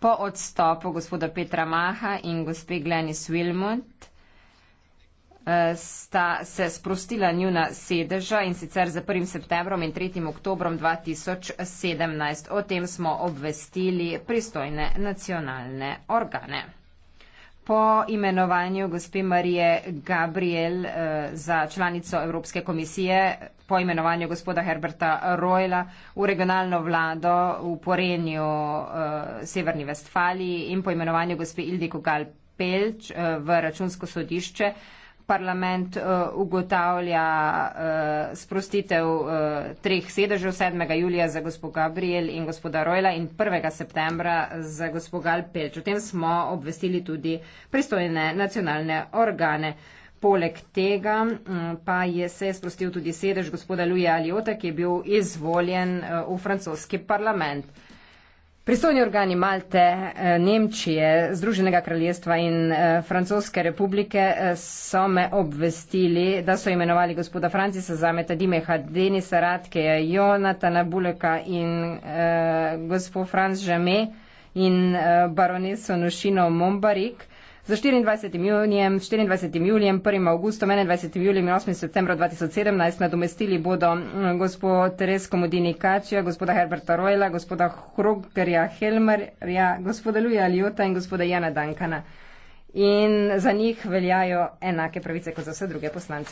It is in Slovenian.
po odstopu gospoda Petra Maha in gospe Glenis Wilmont eh, sta se sprostila njuna sedeža in sicer za 1. septembrom in 3. oktobrom 2017. O tem smo obvestili pristojne nacionalne organe po imenovanju gospe Marije Gabriel eh, za članico Evropske komisije, po imenovanju gospoda Herberta Rojla v regionalno vlado v porenju eh, Severni Vestfaliji in po imenovanju gospe Ildiko Galpelč eh, v računsko sodišče parlament eh, ugotavlja eh, sprostitev eh, treh sedežev 7. julija za gospod Gabriel in gospoda Rojla in 1. septembra za gospod Galpelč. O tem smo obvestili tudi pristojne nacionalne organe. Poleg tega mm, pa je se sprostil tudi sedež gospoda Luja Aljota, ki je bil izvoljen v francoski parlament. Pristojni organi Malte, eh, Nemčije, Združenega kraljestva in eh, Francoske republike eh, so me obvestili, da so imenovali gospoda Francisa Zameta, Dimeha, Denisa Radke, Jonatana Buleka in eh, gospod Franz Žeme in eh, baroneso Nošino Mombarik. Za 24. junijem, 24. julijem, 1. augustom, 21. julijem in 8. septembra 2017 nadomestili bodo mm, gospod Teresko Modini Kačija, gospoda Herberta Rojla, gospoda Hrogerja Helmerja, gospoda Luja Aljota in gospoda Jana Dankana. In za njih veljajo enake pravice kot za vse druge poslance.